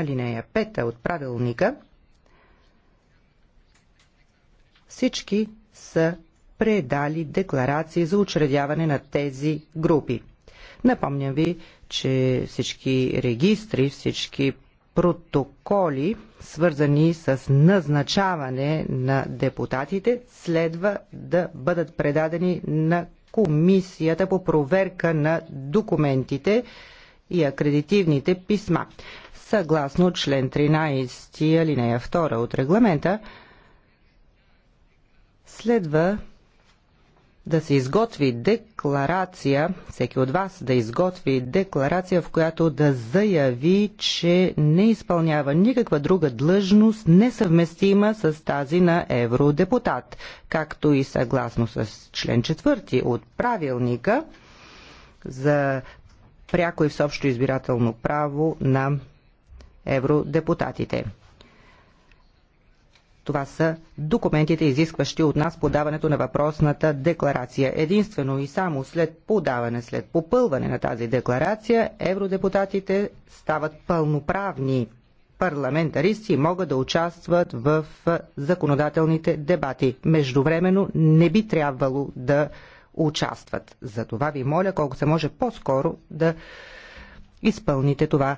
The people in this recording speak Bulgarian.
алинея 5 от правилника, всички са предали декларации за учредяване на тези групи. Напомням ви, че всички регистри, всички протоколи, свързани с назначаване на депутатите, следва да бъдат предадени на Комисията по проверка на документите, и акредитивните писма. Съгласно член 13 алинея 2 от регламента, следва да се изготви декларация, всеки от вас да изготви декларация, в която да заяви, че не изпълнява никаква друга длъжност, несъвместима с тази на евродепутат, както и съгласно с член 4 от правилника за пряко и всеобщо избирателно право на евродепутатите. Това са документите, изискващи от нас подаването на въпросната декларация. Единствено и само след подаване, след попълване на тази декларация, евродепутатите стават пълноправни парламентаристи и могат да участват в законодателните дебати. Междувременно не би трябвало да участват. За това ви моля, колко се може по-скоро да изпълните това